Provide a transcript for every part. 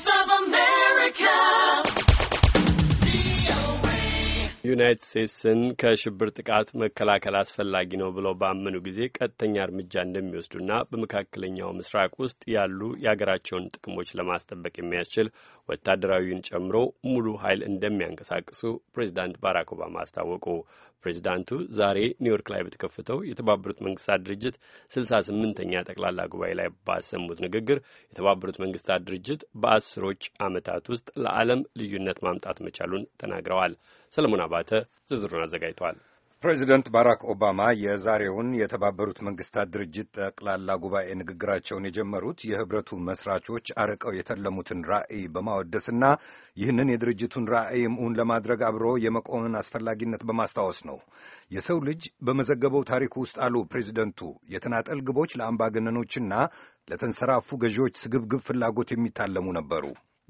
voice ዩናይትድ ስቴትስን ከሽብር ጥቃት መከላከል አስፈላጊ ነው ብለው ባመኑ ጊዜ ቀጥተኛ እርምጃ እንደሚወስዱና በመካከለኛው ምስራቅ ውስጥ ያሉ የሀገራቸውን ጥቅሞች ለማስጠበቅ የሚያስችል ወታደራዊን ጨምሮ ሙሉ ኃይል እንደሚያንቀሳቅሱ ፕሬዚዳንት ባራክ ኦባማ አስታወቁ። ፕሬዚዳንቱ ዛሬ ኒውዮርክ ላይ በተከፈተው የተባበሩት መንግስታት ድርጅት ስልሳ ስምንተኛ ጠቅላላ ጉባኤ ላይ ባሰሙት ንግግር የተባበሩት መንግስታት ድርጅት በአስሮች ዓመታት ውስጥ ለዓለም ልዩነት ማምጣት መቻሉን ተናግረዋል። ሰለሞን አባ አባተ ዝርዝሩን አዘጋጅተዋል። ፕሬዚደንት ባራክ ኦባማ የዛሬውን የተባበሩት መንግስታት ድርጅት ጠቅላላ ጉባኤ ንግግራቸውን የጀመሩት የህብረቱ መስራቾች አርቀው የተለሙትን ራዕይ በማወደስና ይህንን የድርጅቱን ራዕይም እውን ለማድረግ አብሮ የመቆምን አስፈላጊነት በማስታወስ ነው። የሰው ልጅ በመዘገበው ታሪኩ ውስጥ አሉ ፕሬዚደንቱ፣ የተናጠል ግቦች ለአምባገነኖችና ለተንሰራፉ ገዢዎች ስግብግብ ፍላጎት የሚታለሙ ነበሩ።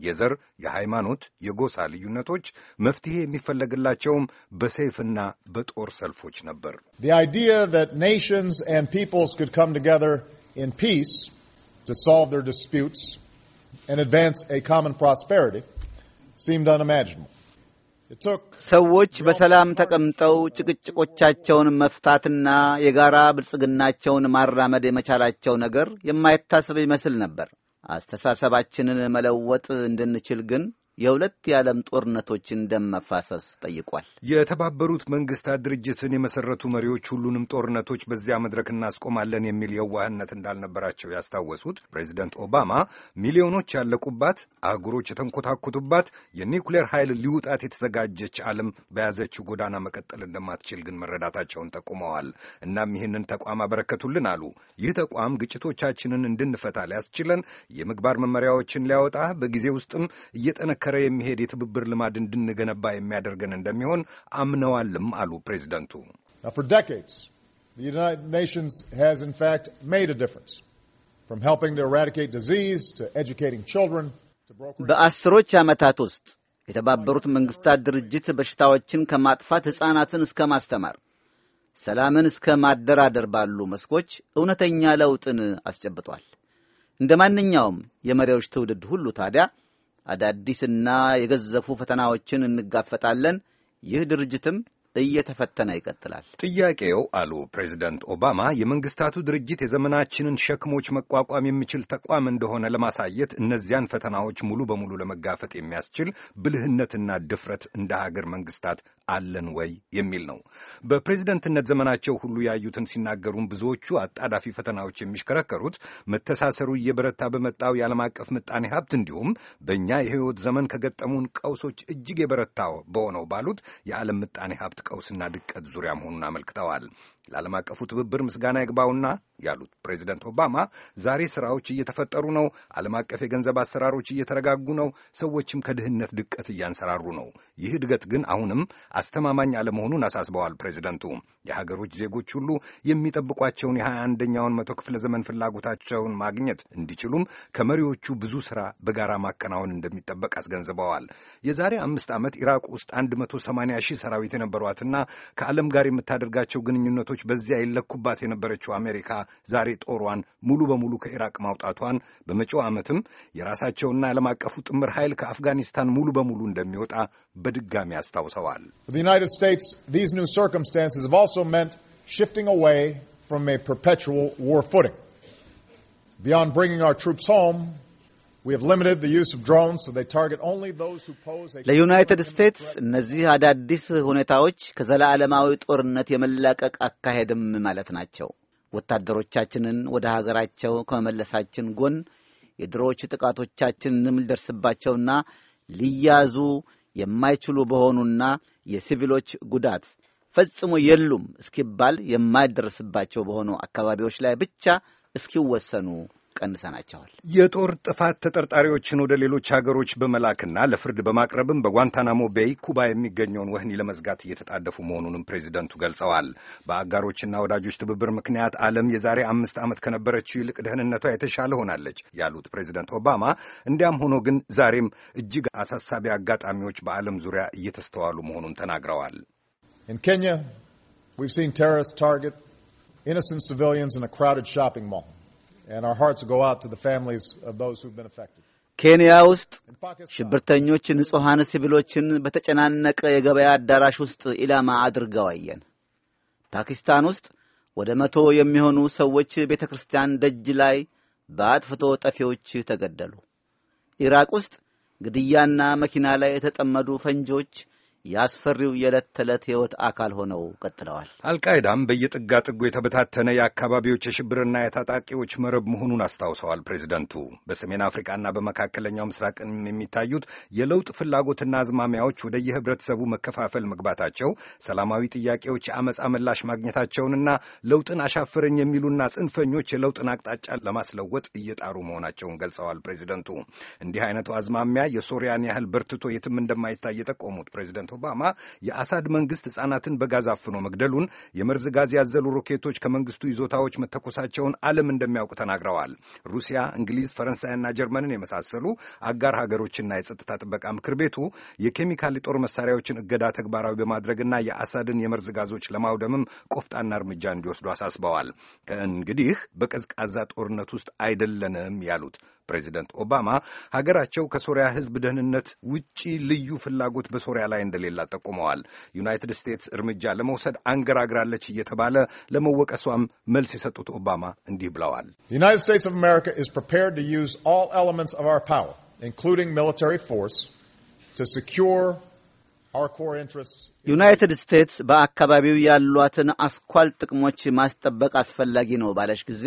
የዘር፣ የሃይማኖት፣ የጎሳ ልዩነቶች መፍትሄ የሚፈለግላቸውም በሰይፍና በጦር ሰልፎች ነበር። ሰዎች በሰላም ተቀምጠው ጭቅጭቆቻቸውን መፍታትና የጋራ ብልጽግናቸውን ማራመድ የመቻላቸው ነገር የማይታሰብ ይመስል ነበር። አስተሳሰባችንን መለወጥ እንድንችል ግን የሁለት የዓለም ጦርነቶችን እንደመፋሰስ ጠይቋል። የተባበሩት መንግስታት ድርጅትን የመሰረቱ መሪዎች ሁሉንም ጦርነቶች በዚያ መድረክ እናስቆማለን የሚል የዋህነት እንዳልነበራቸው ያስታወሱት ፕሬዚደንት ኦባማ ሚሊዮኖች ያለቁባት፣ አህጉሮች የተንኮታኩቱባት የኒውክሌር ኃይል ሊውጣት የተዘጋጀች ዓለም በያዘችው ጎዳና መቀጠል እንደማትችል ግን መረዳታቸውን ጠቁመዋል። እናም ይህንን ተቋም አበረከቱልን አሉ። ይህ ተቋም ግጭቶቻችንን እንድንፈታ ሊያስችለን የምግባር መመሪያዎችን ሊያወጣ በጊዜ ውስጥም እየጠነ እየጠነከረ የሚሄድ የትብብር ልማድ እንድንገነባ የሚያደርገን እንደሚሆን አምነዋልም አሉ ፕሬዚደንቱ። በአስሮች ዓመታት ውስጥ የተባበሩት መንግሥታት ድርጅት በሽታዎችን ከማጥፋት ሕፃናትን እስከ ማስተማር፣ ሰላምን እስከ ማደራደር ባሉ መስኮች እውነተኛ ለውጥን አስጨብጧል። እንደ ማንኛውም የመሪዎች ትውልድ ሁሉ ታዲያ አዳዲስና የገዘፉ ፈተናዎችን እንጋፈጣለን። ይህ ድርጅትም እየተፈተነ ይቀጥላል። ጥያቄው አሉ ፕሬዚደንት ኦባማ የመንግስታቱ ድርጅት የዘመናችንን ሸክሞች መቋቋም የሚችል ተቋም እንደሆነ ለማሳየት እነዚያን ፈተናዎች ሙሉ በሙሉ ለመጋፈጥ የሚያስችል ብልህነትና ድፍረት እንደ ሀገር መንግስታት አለን ወይ የሚል ነው። በፕሬዚደንትነት ዘመናቸው ሁሉ ያዩትን ሲናገሩም ብዙዎቹ አጣዳፊ ፈተናዎች የሚሽከረከሩት መተሳሰሩ እየበረታ በመጣው የዓለም አቀፍ ምጣኔ ሀብት እንዲሁም በእኛ የህይወት ዘመን ከገጠሙን ቀውሶች እጅግ የበረታ በሆነው ባሉት የዓለም ምጣኔ ሀብት ቀውስና ድቀት ዙሪያ መሆኑን አመልክተዋል። ለዓለም አቀፉ ትብብር ምስጋና ይግባውና ያሉት ፕሬዚደንት ኦባማ ዛሬ ስራዎች እየተፈጠሩ ነው፣ ዓለም አቀፍ የገንዘብ አሰራሮች እየተረጋጉ ነው፣ ሰዎችም ከድህነት ድቀት እያንሰራሩ ነው። ይህ እድገት ግን አሁንም አስተማማኝ አለመሆኑን አሳስበዋል ፕሬዚደንቱ። የሀገሮች ዜጎች ሁሉ የሚጠብቋቸውን የሃያ አንደኛውን መቶ ክፍለ ዘመን ፍላጎታቸውን ማግኘት እንዲችሉም ከመሪዎቹ ብዙ ስራ በጋራ ማከናወን እንደሚጠበቅ አስገንዝበዋል። የዛሬ አምስት ዓመት ኢራቅ ውስጥ 180 ሺህ ሰራዊት የነበሯትና ከዓለም ጋር የምታደርጋቸው ግንኙነቶች በዚያ የለኩባት የነበረችው አሜሪካ ዛሬ ጦሯን ሙሉ በሙሉ ከኢራቅ ማውጣቷን በመጪው ዓመትም የራሳቸውና ዓለም አቀፉ ጥምር ኃይል ከአፍጋኒስታን ሙሉ በሙሉ እንደሚወጣ በድጋሚ አስታውሰዋል። ለዩናይትድ ስቴትስ እነዚህ አዳዲስ ሁኔታዎች ከዘላለማዊ ጦርነት የመላቀቅ አካሄድም ማለት ናቸው። ወታደሮቻችንን ወደ ሀገራቸው ከመመለሳችን ጎን የድሮዎች ጥቃቶቻችንንም ሊደርስባቸውና ሊያዙ የማይችሉ በሆኑና የሲቪሎች ጉዳት ፈጽሞ የሉም እስኪባል የማይደርስባቸው በሆኑ አካባቢዎች ላይ ብቻ እስኪወሰኑ ቀንሰናቸዋል። የጦር ጥፋት ተጠርጣሪዎችን ወደ ሌሎች ሀገሮች በመላክና ለፍርድ በማቅረብም በጓንታናሞ ቤይ ኩባ የሚገኘውን ወህኒ ለመዝጋት እየተጣደፉ መሆኑንም ፕሬዚደንቱ ገልጸዋል። በአጋሮችና ወዳጆች ትብብር ምክንያት ዓለም የዛሬ አምስት ዓመት ከነበረችው ይልቅ ደህንነቷ የተሻለ ሆናለች ያሉት ፕሬዚደንት ኦባማ፣ እንዲያም ሆኖ ግን ዛሬም እጅግ አሳሳቢ አጋጣሚዎች በዓለም ዙሪያ እየተስተዋሉ መሆኑን ተናግረዋል። ኬንያ Kenya, we've seen terrorists target innocent ኬንያ ውስጥ ሽብርተኞች ንጹሐን ሲቪሎችን በተጨናነቀ የገበያ አዳራሽ ውስጥ ኢላማ አድርገው አየን። ፓኪስታን ውስጥ ወደ መቶ የሚሆኑ ሰዎች ቤተ ክርስቲያን ደጅ ላይ በአጥፍቶ ጠፊዎች ተገደሉ። ኢራቅ ውስጥ ግድያና መኪና ላይ የተጠመዱ ፈንጂዎች የአስፈሪው የዕለት ተዕለት ሕይወት አካል ሆነው ቀጥለዋል። አልቃይዳም በየጥጋ ጥጉ የተበታተነ የአካባቢዎች የሽብርና የታጣቂዎች መረብ መሆኑን አስታውሰዋል ፕሬዚደንቱ። በሰሜን አፍሪቃና በመካከለኛው ምስራቅም የሚታዩት የለውጥ ፍላጎትና አዝማሚያዎች ወደ የህብረተሰቡ መከፋፈል መግባታቸው፣ ሰላማዊ ጥያቄዎች የአመፃ ምላሽ ማግኘታቸውንና ለውጥን አሻፈረኝ የሚሉና ጽንፈኞች የለውጥን አቅጣጫ ለማስለወጥ እየጣሩ መሆናቸውን ገልጸዋል ፕሬዚደንቱ። እንዲህ አይነቱ አዝማሚያ የሶሪያን ያህል በርትቶ የትም እንደማይታይ የጠቆሙት ፕሬዚደንቱ ፕሬዚዳንት ኦባማ የአሳድ መንግስት ሕጻናትን በጋዛፍኖ አፍኖ መግደሉን፣ የመርዝ ጋዝ ያዘሉ ሮኬቶች ከመንግስቱ ይዞታዎች መተኮሳቸውን ዓለም እንደሚያውቅ ተናግረዋል። ሩሲያ፣ እንግሊዝ፣ ፈረንሳይና ጀርመንን የመሳሰሉ አጋር ሀገሮችና የጸጥታ ጥበቃ ምክር ቤቱ የኬሚካል የጦር መሳሪያዎችን እገዳ ተግባራዊ በማድረግና የአሳድን የመርዝ ጋዞች ለማውደምም ቆፍጣና እርምጃ እንዲወስዱ አሳስበዋል። ከእንግዲህ በቀዝቃዛ ጦርነት ውስጥ አይደለንም ያሉት ፕሬዚደንት ኦባማ ሀገራቸው ከሶሪያ ሕዝብ ደህንነት ውጪ ልዩ ፍላጎት በሶሪያ ላይ እንደሌላ ጠቁመዋል። ዩናይትድ ስቴትስ እርምጃ ለመውሰድ አንገራግራለች እየተባለ ለመወቀሷም መልስ የሰጡት ኦባማ እንዲህ ብለዋል። ዩናይትድ ስቴትስ ኦፍ አሜሪካ ኢዝ ፕሪፔርድ ቱ ዩዝ ኦል ኤለመንትስ ኦፍ አወር ፓወር ኢንክሉዲንግ ሚሊታሪ ፎርስ ቱ ዩናይትድ ስቴትስ በአካባቢው ያሏትን አስኳል ጥቅሞች ማስጠበቅ አስፈላጊ ነው ባለች ጊዜ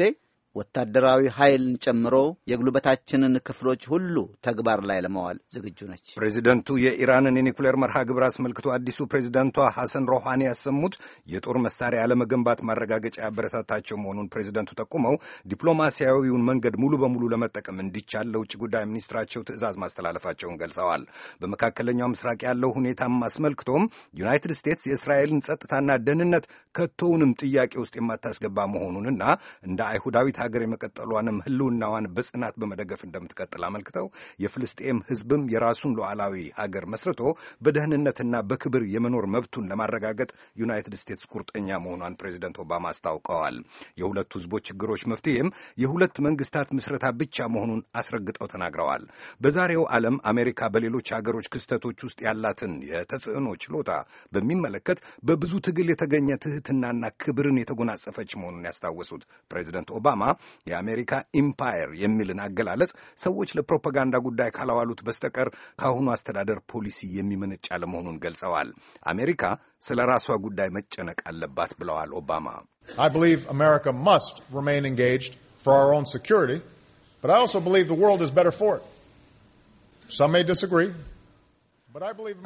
ወታደራዊ ኃይልን ጨምሮ የጉልበታችንን ክፍሎች ሁሉ ተግባር ላይ ለማዋል ዝግጁ ነች። ፕሬዚደንቱ የኢራንን የኒኩሌር መርሃ ግብር አስመልክቶ አዲሱ ፕሬዚደንቷ ሐሰን ሮሃኒ ያሰሙት የጦር መሳሪያ ለመገንባት ማረጋገጫ ያበረታታቸው መሆኑን ፕሬዚደንቱ ጠቁመው ዲፕሎማሲያዊውን መንገድ ሙሉ በሙሉ ለመጠቀም እንዲቻል ለውጭ ጉዳይ ሚኒስትራቸው ትዕዛዝ ማስተላለፋቸውን ገልጸዋል። በመካከለኛው ምስራቅ ያለው ሁኔታም አስመልክቶም ዩናይትድ ስቴትስ የእስራኤልን ጸጥታና ደህንነት ከቶውንም ጥያቄ ውስጥ የማታስገባ መሆኑንና እንደ አይሁዳዊት ሀገር የመቀጠሏንም ህልውናዋን በጽናት በመደገፍ እንደምትቀጥል አመልክተው የፍልስጤም ህዝብም የራሱን ሉዓላዊ ሀገር መስርቶ በደህንነትና በክብር የመኖር መብቱን ለማረጋገጥ ዩናይትድ ስቴትስ ቁርጠኛ መሆኗን ፕሬዚደንት ኦባማ አስታውቀዋል። የሁለቱ ህዝቦች ችግሮች መፍትሄም የሁለት መንግስታት ምስረታ ብቻ መሆኑን አስረግጠው ተናግረዋል። በዛሬው ዓለም አሜሪካ በሌሎች ሀገሮች ክስተቶች ውስጥ ያላትን የተጽዕኖ ችሎታ በሚመለከት በብዙ ትግል የተገኘ ትህትናና ክብርን የተጎናጸፈች መሆኑን ያስታወሱት ፕሬዚደንት ኦባማ የአሜሪካ ኢምፓየር የሚልን አገላለጽ ሰዎች ለፕሮፓጋንዳ ጉዳይ ካላዋሉት በስተቀር ከአሁኑ አስተዳደር ፖሊሲ የሚመነጭ አለመሆኑን ገልጸዋል። አሜሪካ ስለ ራሷ ጉዳይ መጨነቅ አለባት ብለዋል ኦባማ።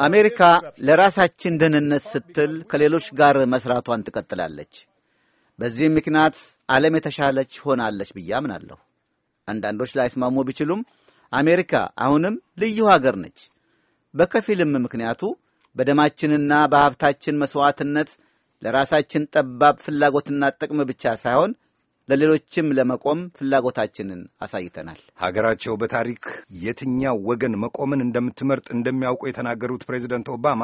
አሜሪካ ለራሳችን ደህንነት ስትል ከሌሎች ጋር መስራቷን ትቀጥላለች። በዚህም ምክንያት ዓለም የተሻለች ሆናለች ብዬ አምናለሁ። አንዳንዶች ላይስማሙ ቢችሉም አሜሪካ አሁንም ልዩ ሀገር ነች። በከፊልም ምክንያቱ በደማችንና በሀብታችን መሥዋዕትነት ለራሳችን ጠባብ ፍላጎትና ጥቅም ብቻ ሳይሆን ለሌሎችም ለመቆም ፍላጎታችንን አሳይተናል። ሀገራቸው በታሪክ የትኛው ወገን መቆምን እንደምትመርጥ እንደሚያውቁ የተናገሩት ፕሬዚደንት ኦባማ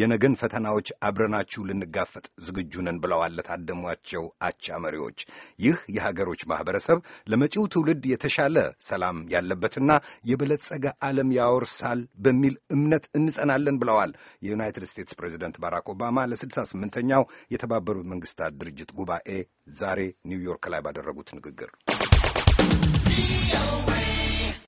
የነገን ፈተናዎች አብረናችሁ ልንጋፈጥ ዝግጁ ነን ብለዋል ለታደሟቸው አቻ መሪዎች። ይህ የሀገሮች ማህበረሰብ ለመጪው ትውልድ የተሻለ ሰላም ያለበትና የበለጸገ ዓለም ያወርሳል በሚል እምነት እንጸናለን ብለዋል። የዩናይትድ ስቴትስ ፕሬዚደንት ባራክ ኦባማ ለ68ኛው የተባበሩት መንግስታት ድርጅት ጉባኤ ዛሬ ኒውዮርክ ላይ ባደረጉት ንግግር